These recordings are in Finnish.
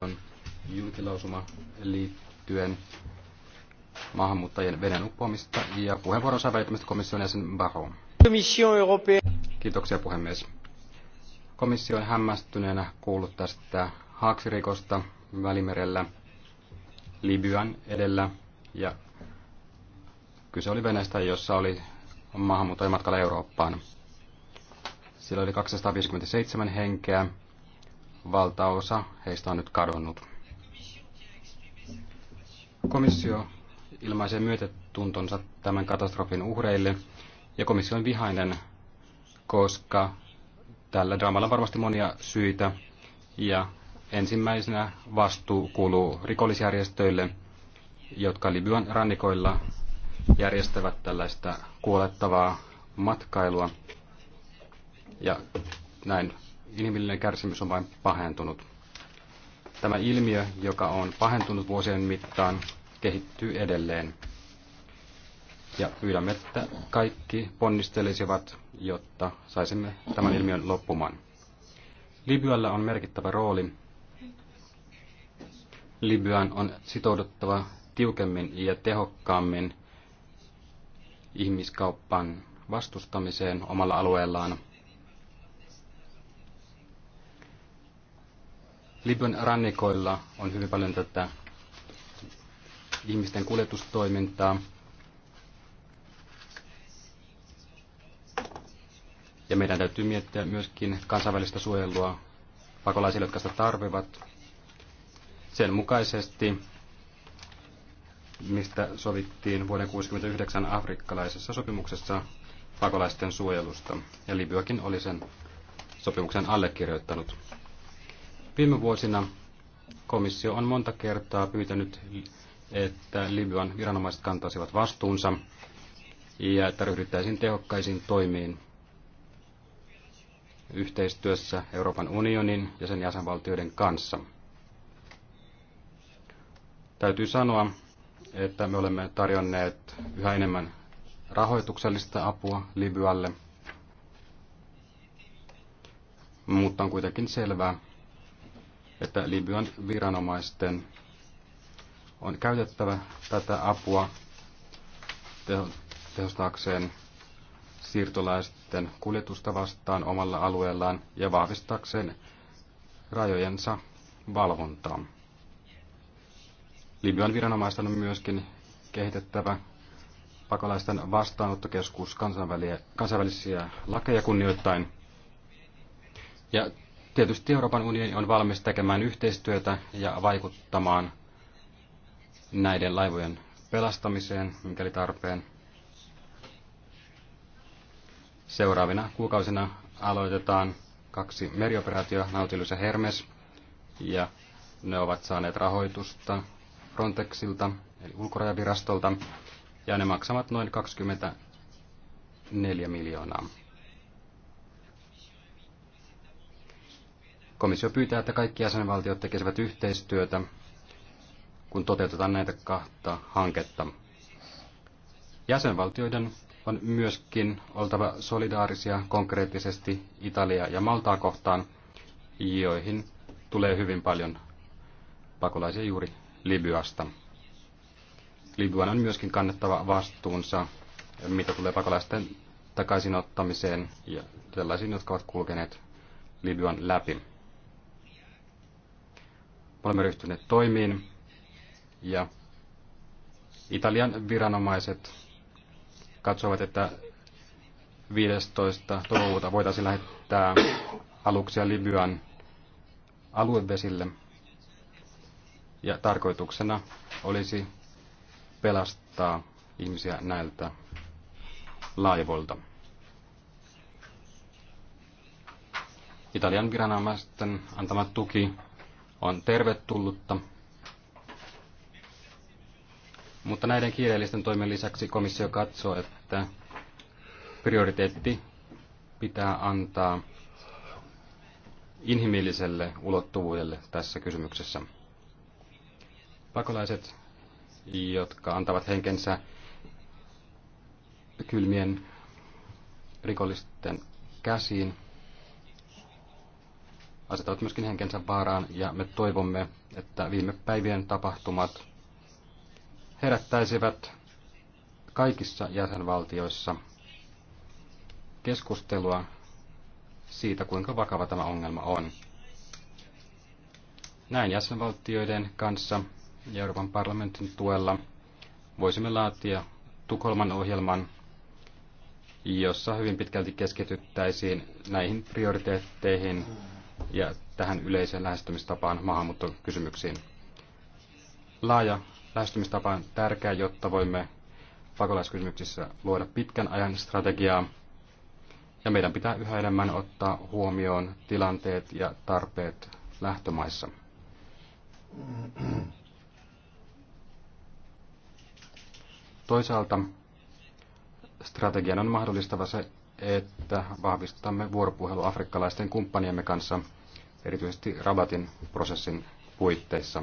on julkilausuma liittyen maahanmuuttajien veden uppoamista ja puheenvuoron saa välittömästi komission jäsen Barron. Kiitoksia puhemies. Komissio on hämmästyneenä kuullut tästä haaksirikosta Välimerellä, Libyan edellä ja kyse oli veneestä, jossa oli maahanmuuttajien matkalla Eurooppaan. Siellä oli 257 henkeä valtaosa heistä on nyt kadonnut. Komissio ilmaisee myötätuntonsa tämän katastrofin uhreille, ja komissio on vihainen, koska tällä draamalla on varmasti monia syitä, ja ensimmäisenä vastuu kuuluu rikollisjärjestöille, jotka Libyan rannikoilla järjestävät tällaista kuolettavaa matkailua, ja näin inhimillinen kärsimys on vain pahentunut. Tämä ilmiö, joka on pahentunut vuosien mittaan, kehittyy edelleen. Ja pyydämme, että kaikki ponnistelisivat, jotta saisimme tämän ilmiön loppumaan. Libyalla on merkittävä rooli. Libyan on sitouduttava tiukemmin ja tehokkaammin ihmiskauppan vastustamiseen omalla alueellaan Libyan rannikoilla on hyvin paljon tätä ihmisten kuljetustoimintaa. Ja meidän täytyy miettiä myöskin kansainvälistä suojelua pakolaisille, jotka sitä tarvivat. Sen mukaisesti, mistä sovittiin vuoden 1969 afrikkalaisessa sopimuksessa pakolaisten suojelusta. Ja Libyakin oli sen sopimuksen allekirjoittanut. Viime vuosina komissio on monta kertaa pyytänyt, että Libyan viranomaiset kantaisivat vastuunsa ja että ryhdyttäisiin tehokkaisiin toimiin yhteistyössä Euroopan unionin ja sen jäsenvaltioiden kanssa. Täytyy sanoa, että me olemme tarjonneet yhä enemmän rahoituksellista apua Libyalle, mutta on kuitenkin selvää, että Libyan viranomaisten on käytettävä tätä apua tehostaakseen siirtolaisten kuljetusta vastaan omalla alueellaan ja vahvistaakseen rajojensa valvontaa. Libyan viranomaisten on myöskin kehitettävä pakolaisten vastaanottokeskus kansainvälisiä lakeja kunnioittain. Ja Tietysti Euroopan unioni on valmis tekemään yhteistyötä ja vaikuttamaan näiden laivojen pelastamiseen, mikäli tarpeen. Seuraavina kuukausina aloitetaan kaksi merioperaatioa, Nautilus ja Hermes, ja ne ovat saaneet rahoitusta Frontexilta, eli ulkorajavirastolta, ja ne maksavat noin 24 miljoonaa. Komissio pyytää, että kaikki jäsenvaltiot tekisivät yhteistyötä, kun toteutetaan näitä kahta hanketta. Jäsenvaltioiden on myöskin oltava solidaarisia konkreettisesti Italia ja Maltaa kohtaan, joihin tulee hyvin paljon pakolaisia juuri Libyasta. Libyan on myöskin kannettava vastuunsa, mitä tulee pakolaisten takaisinottamiseen ja sellaisiin, jotka ovat kulkeneet Libyan läpi. Olemme ryhtyneet toimiin ja Italian viranomaiset katsovat, että 15. toukokuuta voitaisiin lähettää aluksia Libyan aluevesille. Ja tarkoituksena olisi pelastaa ihmisiä näiltä laivoilta. Italian viranomaisten antama tuki on tervetullutta. Mutta näiden kiireellisten toimien lisäksi komissio katsoo, että prioriteetti pitää antaa inhimilliselle ulottuvuudelle tässä kysymyksessä. Pakolaiset, jotka antavat henkensä kylmien rikollisten käsiin, asettavat myöskin henkensä vaaraan ja me toivomme, että viime päivien tapahtumat herättäisivät kaikissa jäsenvaltioissa keskustelua siitä, kuinka vakava tämä ongelma on. Näin jäsenvaltioiden kanssa ja Euroopan parlamentin tuella voisimme laatia Tukholman ohjelman, jossa hyvin pitkälti keskityttäisiin näihin prioriteetteihin, ja tähän yleiseen lähestymistapaan maahanmuuttokysymyksiin. Laaja lähestymistapa on tärkeä, jotta voimme pakolaiskysymyksissä luoda pitkän ajan strategiaa, ja meidän pitää yhä enemmän ottaa huomioon tilanteet ja tarpeet lähtömaissa. Toisaalta strategian on mahdollistava se, että vahvistamme vuoropuhelu afrikkalaisten kumppaniemme kanssa, erityisesti Rabatin prosessin puitteissa.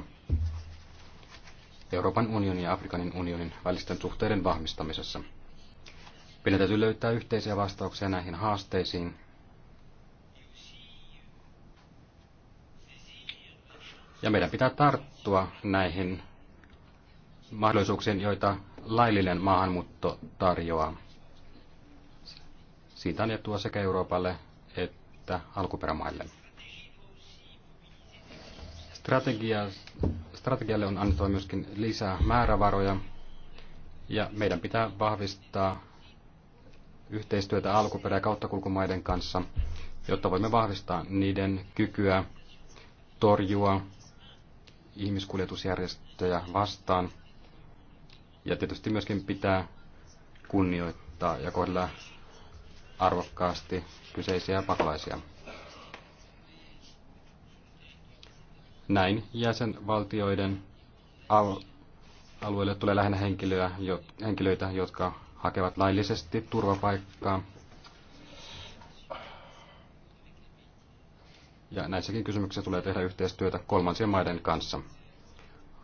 Euroopan unionin ja Afrikanin unionin välisten suhteiden vahvistamisessa. Meidän täytyy löytää yhteisiä vastauksia näihin haasteisiin. Ja meidän pitää tarttua näihin mahdollisuuksiin, joita laillinen maahanmuutto tarjoaa. Siitä annettua sekä Euroopalle että alkuperämaille. Strategia, strategialle on annettava myöskin lisää määrävaroja ja meidän pitää vahvistaa yhteistyötä alkuperä- ja kauttakulkumaiden kanssa, jotta voimme vahvistaa niiden kykyä torjua ihmiskuljetusjärjestöjä vastaan. Ja tietysti myöskin pitää kunnioittaa ja kohdella arvokkaasti kyseisiä pakolaisia. Näin jäsenvaltioiden alueelle tulee lähinnä henkilöä, jo, henkilöitä, jotka hakevat laillisesti turvapaikkaa. Ja näissäkin kysymyksissä tulee tehdä yhteistyötä kolmansien maiden kanssa.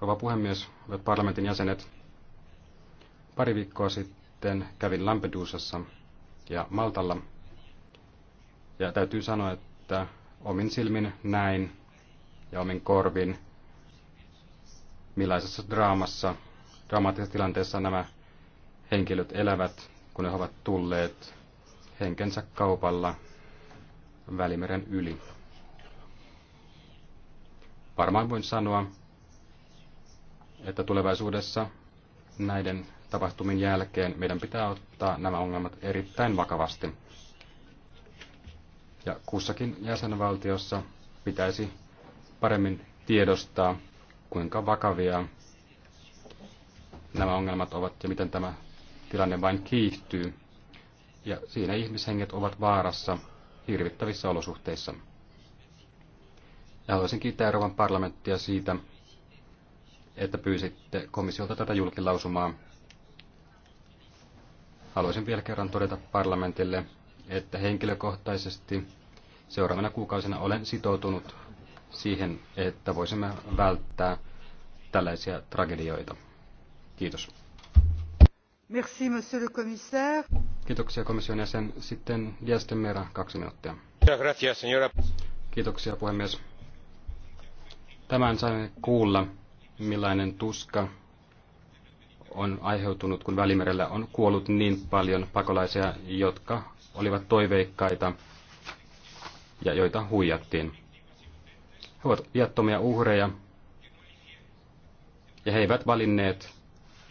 Rouva puhemies, hyvät parlamentin jäsenet, pari viikkoa sitten kävin Lampedusassa – ja Maltalla. Ja täytyy sanoa, että omin silmin näin ja omin korvin, millaisessa draamassa, dramaattisessa tilanteessa nämä henkilöt elävät, kun he ovat tulleet henkensä kaupalla Välimeren yli. Varmaan voin sanoa, että tulevaisuudessa näiden tapahtumien jälkeen meidän pitää ottaa nämä ongelmat erittäin vakavasti. Ja kussakin jäsenvaltiossa pitäisi paremmin tiedostaa, kuinka vakavia nämä ongelmat ovat ja miten tämä tilanne vain kiihtyy. Ja siinä ihmishenget ovat vaarassa hirvittävissä olosuhteissa. Ja haluaisin kiittää Euroopan parlamenttia siitä, että pyysitte komissiolta tätä julkilausumaa haluaisin vielä kerran todeta parlamentille, että henkilökohtaisesti seuraavana kuukausina olen sitoutunut siihen, että voisimme välttää tällaisia tragedioita. Kiitos. Merci, monsieur le commissaire. Kiitoksia komission jäsen. Sitten Diasten Mera, kaksi minuuttia. Gracias, señora. Kiitoksia puhemies. Tämän saimme kuulla, millainen tuska on aiheutunut, kun Välimerellä on kuollut niin paljon pakolaisia, jotka olivat toiveikkaita ja joita huijattiin. He ovat viattomia uhreja ja he eivät valinneet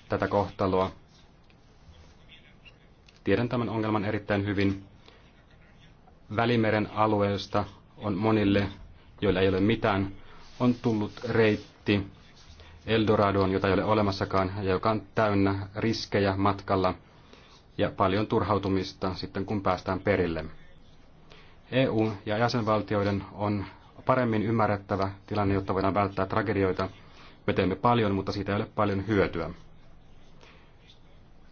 tätä kohtaloa. Tiedän tämän ongelman erittäin hyvin. Välimeren alueesta on monille, joilla ei ole mitään, on tullut reitti Eldoradoon, jota ei ole olemassakaan ja joka on täynnä riskejä matkalla ja paljon turhautumista sitten, kun päästään perille. EU ja jäsenvaltioiden on paremmin ymmärrettävä tilanne, jotta voidaan välttää tragedioita. Me teemme paljon, mutta siitä ei ole paljon hyötyä.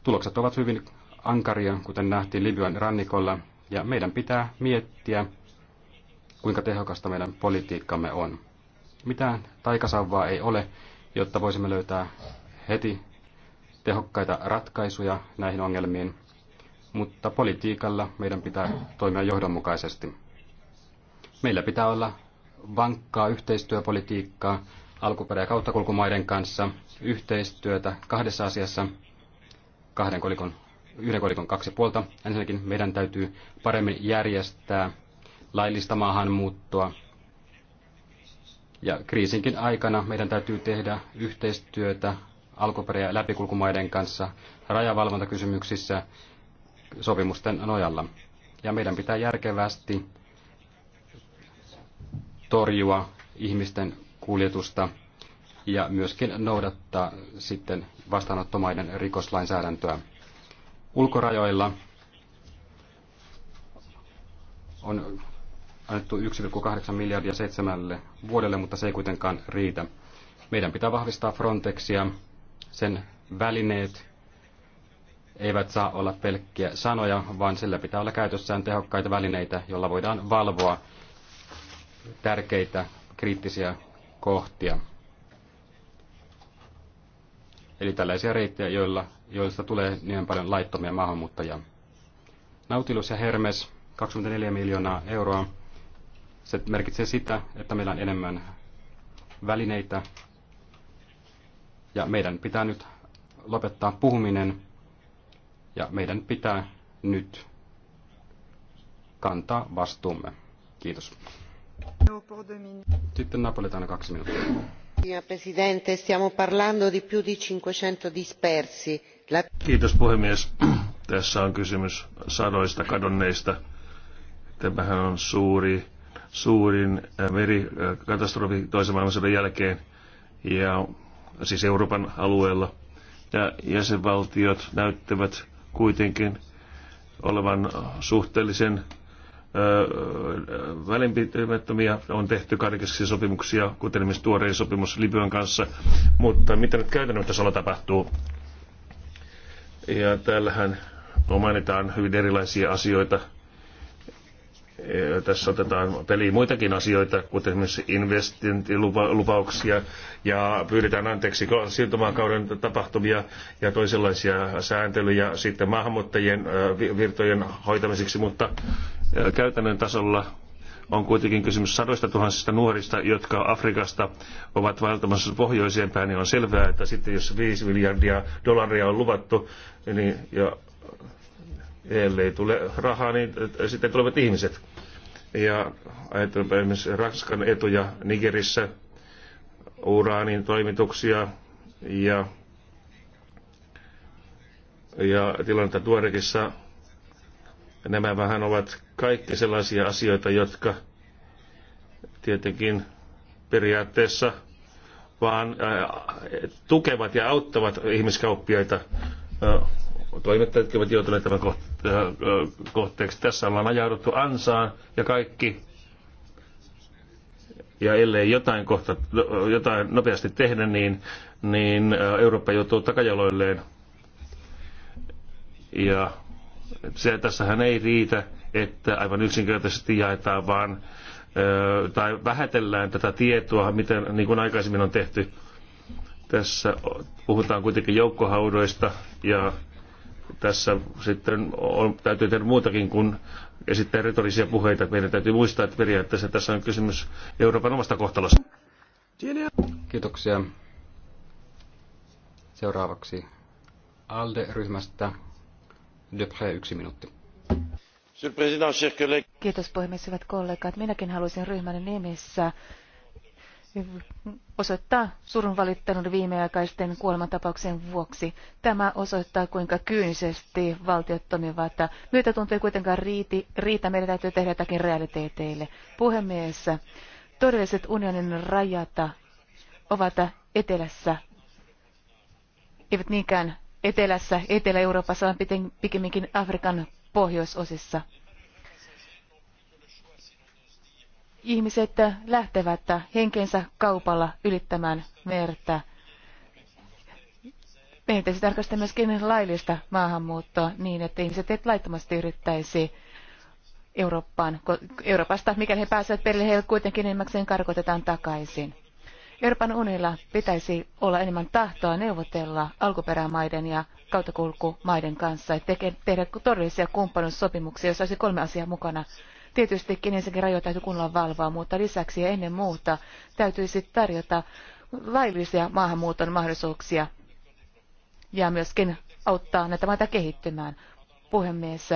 Tulokset ovat hyvin ankaria, kuten nähtiin Libyan rannikolla, ja meidän pitää miettiä, kuinka tehokasta meidän politiikkamme on. Mitään taikasauvaa ei ole, jotta voisimme löytää heti tehokkaita ratkaisuja näihin ongelmiin, mutta politiikalla meidän pitää toimia johdonmukaisesti. Meillä pitää olla vankkaa yhteistyöpolitiikkaa alkuperä- ja kauttakulkumaiden kanssa, yhteistyötä kahdessa asiassa, kahden kolikon, yhden kolikon kaksi puolta. Ensinnäkin meidän täytyy paremmin järjestää laillista maahanmuuttoa ja kriisinkin aikana meidän täytyy tehdä yhteistyötä alkuperä- ja läpikulkumaiden kanssa rajavalvontakysymyksissä sopimusten nojalla. Ja meidän pitää järkevästi torjua ihmisten kuljetusta ja myöskin noudattaa sitten vastaanottomaiden rikoslainsäädäntöä. Ulkorajoilla on annettu 1,8 miljardia seitsemälle vuodelle, mutta se ei kuitenkaan riitä. Meidän pitää vahvistaa Frontexia, sen välineet eivät saa olla pelkkiä sanoja, vaan sillä pitää olla käytössään tehokkaita välineitä, joilla voidaan valvoa tärkeitä kriittisiä kohtia. Eli tällaisia reittejä, joilla, joista tulee niin paljon laittomia maahanmuuttajia. Nautilus ja Hermes, 24 miljoonaa euroa. Se merkitsee sitä, että meillä on enemmän välineitä ja meidän pitää nyt lopettaa puhuminen ja meidän pitää nyt kantaa vastuumme. Kiitos. Sitten Napoletana kaksi minuuttia. Signor Presidente, stiamo parlando di più di 500 dispersi. La... Kiitos puhemies. Tässä on kysymys sadoista kadonneista. Tämähän on suuri suurin äh, merikatastrofi äh, toisen maailmansodan jälkeen, ja siis Euroopan alueella. Ja jäsenvaltiot näyttävät kuitenkin olevan suhteellisen äh, välinpitämättömiä. On tehty karkeisia sopimuksia, kuten esimerkiksi tuorein sopimus Libyan kanssa. Mutta mitä nyt käytännön tasolla tapahtuu? Ja täällähän no mainitaan hyvin erilaisia asioita – tässä otetaan peliin muitakin asioita, kuten esimerkiksi investointilupauksia ja pyydetään anteeksi siirtomaakauden tapahtumia ja toisenlaisia sääntelyjä sitten maahanmuuttajien virtojen hoitamiseksi, mutta käytännön tasolla on kuitenkin kysymys sadoista tuhansista nuorista, jotka Afrikasta ovat vaeltamassa pohjoiseen päin, niin on selvää, että sitten jos 5 miljardia dollaria on luvattu, niin ja ellei tule rahaa, niin äh, sitten tulevat ihmiset. Ja ajattelen esimerkiksi Ranskan etuja Nigerissä, uraanin toimituksia ja, ja tilannetta Tuorekissa. Nämä vähän ovat kaikki sellaisia asioita, jotka tietenkin periaatteessa vaan äh, tukevat ja auttavat ihmiskauppiaita. Äh, toimittajat ovat joutuneet tämän äh, äh, kohteeksi. Tässä ollaan ajauduttu ansaan ja kaikki. Ja ellei jotain, kohta, no, jotain nopeasti tehdä, niin, niin äh, Eurooppa joutuu takajaloilleen. Ja se, tässähän ei riitä, että aivan yksinkertaisesti jaetaan vaan tai vähätellään tätä tietoa, miten, niin kuin aikaisemmin on tehty. Tässä puhutaan kuitenkin joukkohaudoista ja tässä sitten on, täytyy tehdä muutakin kuin esittää retorisia puheita. Meidän täytyy muistaa, että periaatteessa tässä on kysymys Euroopan omasta kohtalosta. Kiitoksia. Seuraavaksi ALDE-ryhmästä Depré yksi minuutti. Kiitos puhemies, hyvät kollegat. Minäkin haluaisin ryhmän nimissä osoittaa surun valittanut viimeaikaisten kuolemantapauksien vuoksi. Tämä osoittaa, kuinka kyynisesti valtiot toimivat. Myötä tuntuu kuitenkaan riiti, riitä, meidän täytyy tehdä jotakin realiteeteille. Puhemies, todelliset unionin rajata ovat etelässä, eivät niinkään etelässä, Etelä-Euroopassa, vaan pikemminkin Afrikan pohjoisosissa. ihmiset lähtevät henkensä kaupalla ylittämään merta. Meidän pitäisi tarkastaa myöskin laillista maahanmuuttoa niin, että ihmiset eivät laittomasti yrittäisi Eurooppaan, Euroopasta, mikäli he pääsevät perille, heille kuitenkin enimmäkseen karkotetaan takaisin. Euroopan unilla pitäisi olla enemmän tahtoa neuvotella alkuperämaiden ja maiden kanssa ja tehdä todellisia kumppanuussopimuksia, joissa olisi kolme asiaa mukana. Tietystikin ensinnäkin rajoja täytyy kunnolla valvoa, mutta lisäksi ja ennen muuta täytyisi tarjota laillisia maahanmuuton mahdollisuuksia ja myöskin auttaa näitä maita kehittymään. Puhemies,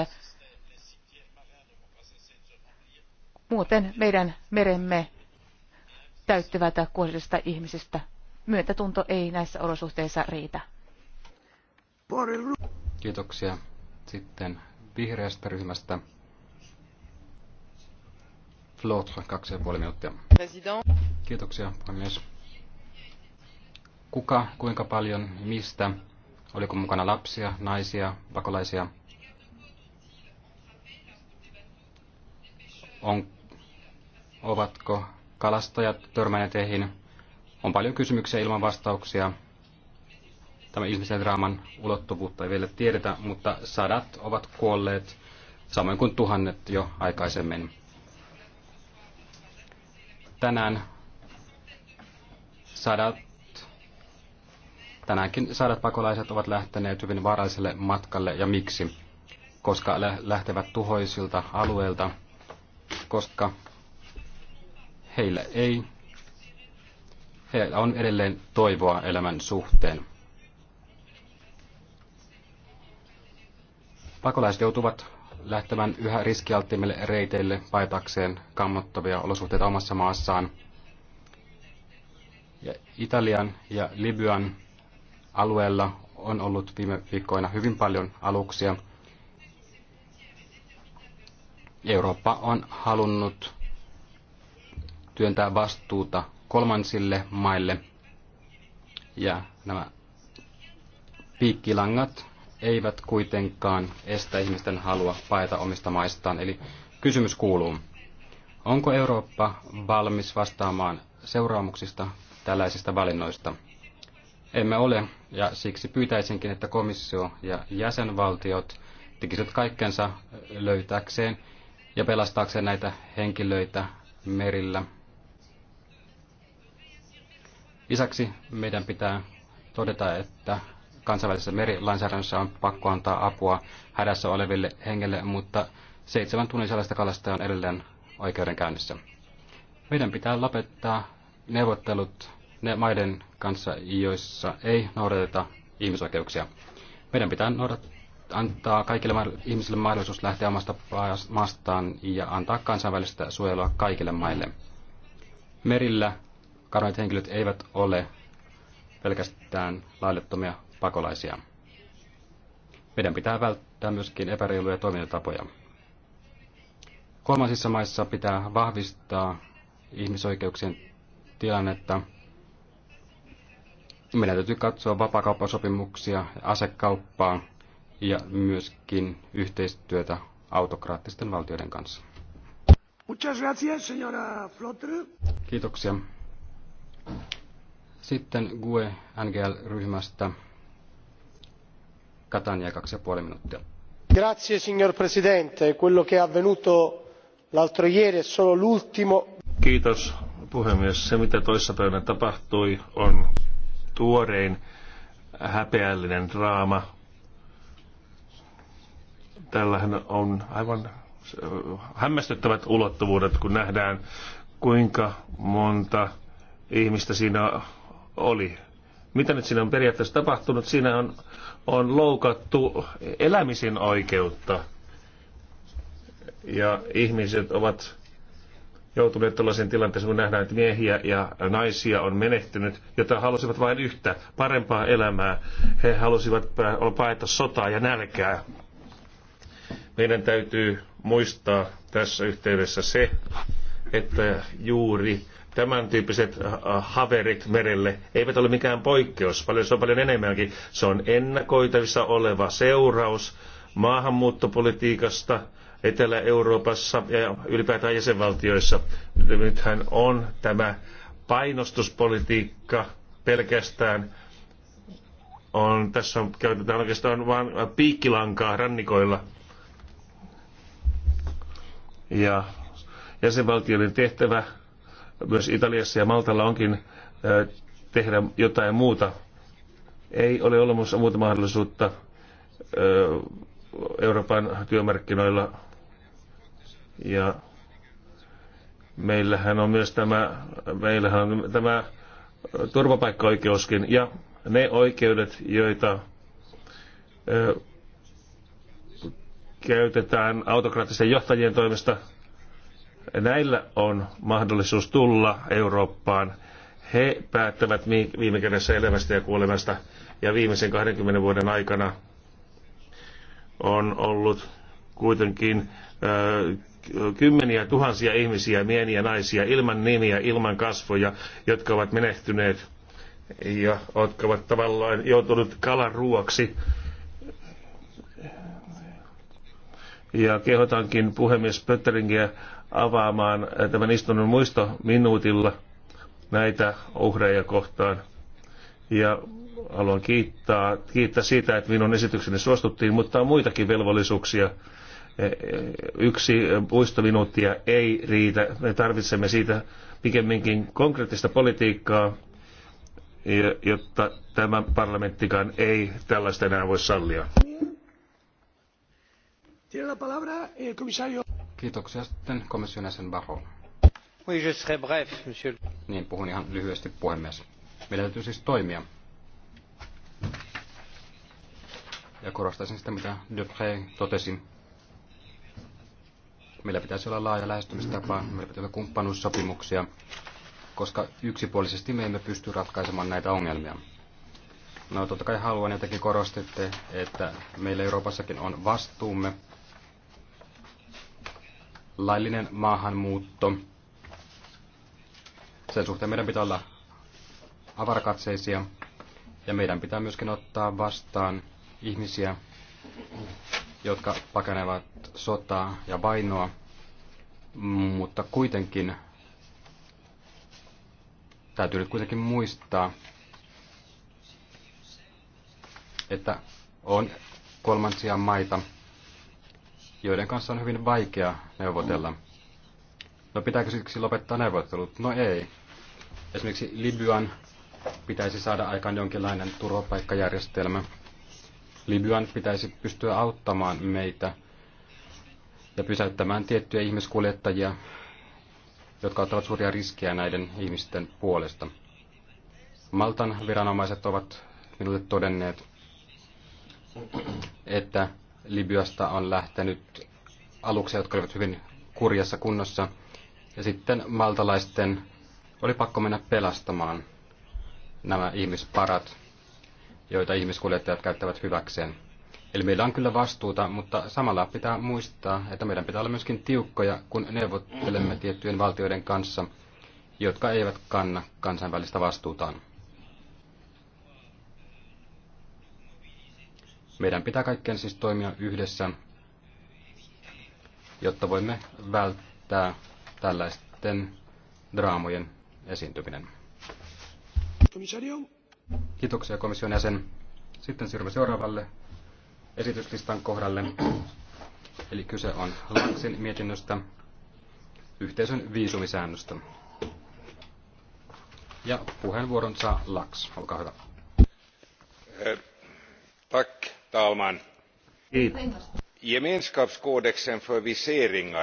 muuten meidän meremme täyttyvät kuolisista ihmisistä. Myötätunto ei näissä olosuhteissa riitä. Kiitoksia. Sitten vihreästä ryhmästä Flotre, kaksi minuuttia. President. Kiitoksia, puhemies. Kuka, kuinka paljon, mistä? Oliko mukana lapsia, naisia, pakolaisia? On, ovatko kalastajat törmänneet heihin? On paljon kysymyksiä ilman vastauksia. Tämä ihmisen draaman ulottuvuutta ei vielä tiedetä, mutta sadat ovat kuolleet, samoin kuin tuhannet jo aikaisemmin tänään sadat, tänäänkin sadat pakolaiset ovat lähteneet hyvin vaaralliselle matkalle. Ja miksi? Koska lähtevät tuhoisilta alueilta, koska heillä ei, heillä on edelleen toivoa elämän suhteen. Pakolaiset joutuvat lähtemään yhä riskialttiimmille reiteille paitakseen kammottavia olosuhteita omassa maassaan. Ja Italian ja Libyan alueella on ollut viime viikkoina hyvin paljon aluksia. Eurooppa on halunnut työntää vastuuta kolmansille maille ja nämä piikkilangat eivät kuitenkaan estä ihmisten halua paeta omista maistaan. Eli kysymys kuuluu, onko Eurooppa valmis vastaamaan seuraamuksista tällaisista valinnoista? Emme ole, ja siksi pyytäisinkin, että komissio ja jäsenvaltiot tekisivät kaikkensa löytääkseen ja pelastaakseen näitä henkilöitä merillä. Lisäksi meidän pitää todeta, että kansainvälisessä merilainsäädännössä on pakko antaa apua hädässä oleville hengelle, mutta seitsemän sellaista kalastajaa on edelleen oikeudenkäynnissä. Meidän pitää lopettaa neuvottelut ne maiden kanssa, joissa ei noudateta ihmisoikeuksia. Meidän pitää antaa kaikille ihmisille mahdollisuus lähteä omasta maastaan ja antaa kansainvälistä suojelua kaikille maille. Merillä kadonneet henkilöt eivät ole pelkästään laillettomia pakolaisia. Meidän pitää välttää myöskin epäreiluja toimintatapoja. Kolmansissa maissa pitää vahvistaa ihmisoikeuksien tilannetta. Meidän täytyy katsoa vapakauppasopimuksia, asekauppaa ja myöskin yhteistyötä autokraattisten valtioiden kanssa. Kiitoksia. Sitten GUE NGL-ryhmästä kaksi minuuttia. Grazie, signor Presidente. Quello che è avvenuto l'altro ieri è solo l'ultimo. Kiitos, puhemies. Se, mitä toissapäivänä tapahtui, on tuorein häpeällinen draama. Tällähän on aivan hämmästyttävät ulottuvuudet, kun nähdään, kuinka monta ihmistä siinä oli. Mitä nyt siinä on periaatteessa tapahtunut? Siinä on, on loukattu elämisen oikeutta. Ja ihmiset ovat joutuneet tällaiseen tilanteeseen, kun nähdään, että miehiä ja naisia on menehtynyt, jota halusivat vain yhtä, parempaa elämää. He halusivat paeta sotaa ja nälkää. Meidän täytyy muistaa tässä yhteydessä se, että juuri tämän tyyppiset äh, haverit merelle eivät ole mikään poikkeus. Paljon, se on paljon enemmänkin. Se on ennakoitavissa oleva seuraus maahanmuuttopolitiikasta Etelä-Euroopassa ja ylipäätään jäsenvaltioissa. Nythän on tämä painostuspolitiikka pelkästään on, tässä on, käytetään oikeastaan vain piikkilankaa rannikoilla. Ja jäsenvaltioiden tehtävä myös Italiassa ja Maltalla onkin tehdä jotain muuta. Ei ole olemassa muuta mahdollisuutta Euroopan työmarkkinoilla. Ja meillähän on myös tämä, meillähän on tämä turvapaikkaoikeuskin ja ne oikeudet, joita käytetään autokraattisten johtajien toimesta – Näillä on mahdollisuus tulla Eurooppaan. He päättävät viime kädessä elämästä ja kuolemasta. Ja viimeisen 20 vuoden aikana on ollut kuitenkin ö, kymmeniä tuhansia ihmisiä, mieniä ja naisia, ilman nimiä, ilman kasvoja, jotka ovat menehtyneet ja jotka ovat tavallaan joutuneet kalan ruoaksi. Ja kehotankin puhemies Pötteringiä avaamaan tämän istunnon muisto minuutilla näitä uhreja kohtaan. Ja haluan kiittää, kiittää siitä, että minun esitykseni suostuttiin, mutta on muitakin velvollisuuksia. Yksi muistominuuttia ei riitä. Me tarvitsemme siitä pikemminkin konkreettista politiikkaa, jotta tämä parlamenttikaan ei tällaista enää voi sallia. Kiitoksia sitten komission jäsen Barro. Oui, je serai bref, monsieur. Niin, puhun ihan lyhyesti puhemies. Meidän täytyy siis toimia. Ja korostaisin sitä, mitä Dupré totesi. Meillä pitäisi olla laaja lähestymistapa, meillä pitäisi olla kumppanuussopimuksia, koska yksipuolisesti me emme pysty ratkaisemaan näitä ongelmia. No totta kai haluan jotenkin korostitte, että meillä Euroopassakin on vastuumme – laillinen maahanmuutto. Sen suhteen meidän pitää olla avarakatseisia ja meidän pitää myöskin ottaa vastaan ihmisiä, jotka pakenevat sotaa ja vainoa, mutta kuitenkin täytyy nyt kuitenkin muistaa, että on kolmansia maita, joiden kanssa on hyvin vaikea neuvotella. No pitääkö siksi lopettaa neuvottelut? No ei. Esimerkiksi Libyan pitäisi saada aikaan jonkinlainen turvapaikkajärjestelmä. Libyan pitäisi pystyä auttamaan meitä ja pysäyttämään tiettyjä ihmiskuljettajia, jotka ottavat suuria riskejä näiden ihmisten puolesta. Maltan viranomaiset ovat minulle todenneet, että Libyasta on lähtenyt aluksia, jotka olivat hyvin kurjassa kunnossa. Ja sitten maltalaisten oli pakko mennä pelastamaan nämä ihmisparat, joita ihmiskuljettajat käyttävät hyväkseen. Eli meillä on kyllä vastuuta, mutta samalla pitää muistaa, että meidän pitää olla myöskin tiukkoja, kun neuvottelemme tiettyjen valtioiden kanssa, jotka eivät kanna kansainvälistä vastuutaan. Meidän pitää kaikkien siis toimia yhdessä, jotta voimme välttää tällaisten draamojen esiintyminen. Kiitoksia komission jäsen. Sitten siirrymme seuraavalle esityslistan kohdalle. Eli kyse on Laksin mietinnöstä yhteisön viisumisäännöstä. Ja puheenvuoron saa Laks, olkaa hyvä. Eh, Tack talman! gemenskapskodexen för viseringar